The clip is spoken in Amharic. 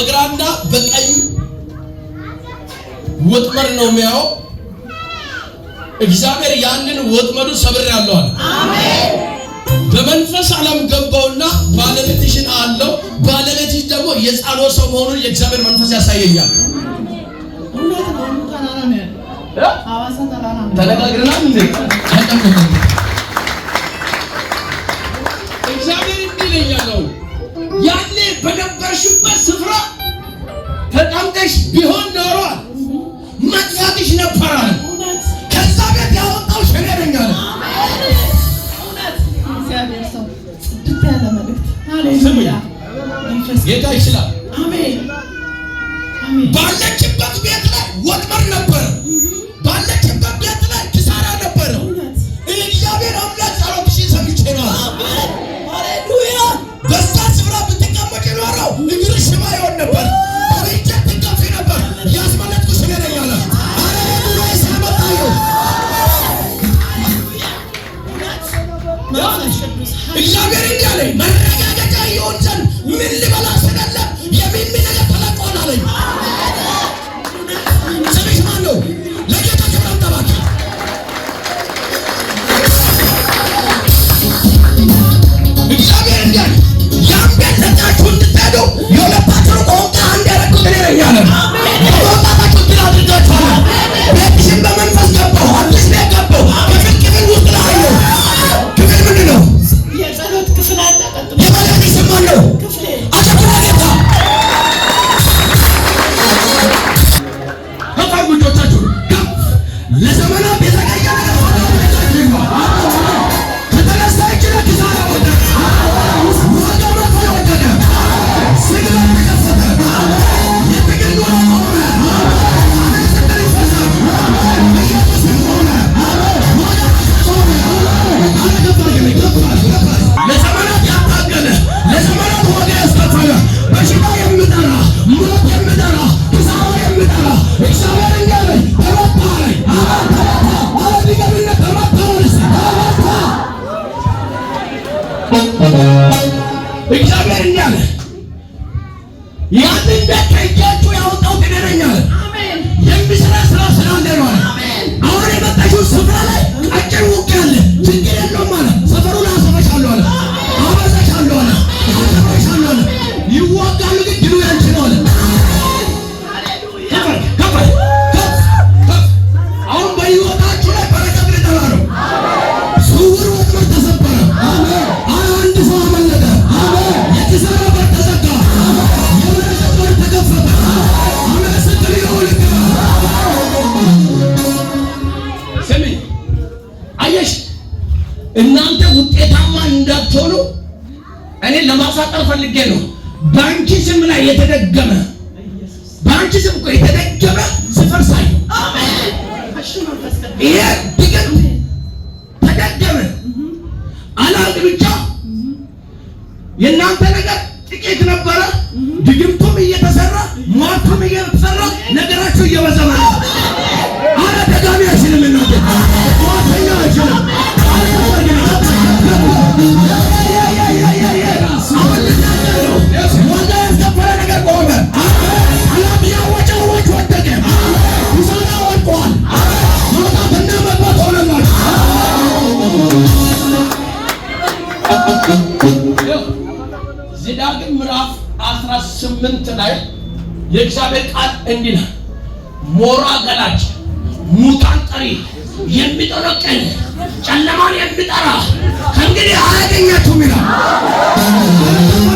በግራና በቀኝ ወጥመድ ነው የሚያው። እግዚአብሔር ያንን ወጥመዱ ሰብር ያለዋል። በመንፈስ ዓለም ገባውና ባለቤትሽን አለው። ባለቤትሽ ደግሞ የጻሎ ሰው መሆኑን የእግዚአብሔር መንፈስ ያሳየኛል። ተነጋግረናል። እግዚአብሔር እንዲህ ይለኛል ነው ያኔ በነበርሽበት ስፍራ ተጠምቀሽ ቢሆን ኖሮ መጥፋትሽ ነበራል። ከዛ ቤት ያወጣው ሸገረኛ ነው። ጌታ ይችላል። ባለችበት ቤት ላይ ወጥመድ ነበር። እግዚአብሔር እንዲያለኝ መረጋገጫ ይሆን ዘንድ ምን ልበላ ስላለ የሚምነ ያንን ከእጃችሁ ያወጣው ተገናኛል የሚሰራ ስራ ስራ እንደሆነ አሁን የመጣችው ስፍራ ላይ አየሽ፣ እናንተ ውጤታማ እንዳትሆኑ እኔ ለማሳጠር ፈልጌ ነው። በአንቺ ስም ላይ የተደገመ በአንቺ ስም እኮ የተደገመ ስፍር ሳይ ይሄ ድግም ተደገመ አላልቅ ብቻ የእናንተ ነገር ጥቂት ነበረ። ድግምቱም እየተሰራ ሟቱም እየተሰራ ነገራቸው እየበዘመ ነው። ምዕራፍ 18 ላይ የእግዚአብሔር ቃል እንዲህ ነው። ሞራ ገላጭ፣ ሙታን ጠሪ፣ የሚጠረቅን ጨለማን የሚጠራ ከእንግዲህ አያገኛችሁም ይላል።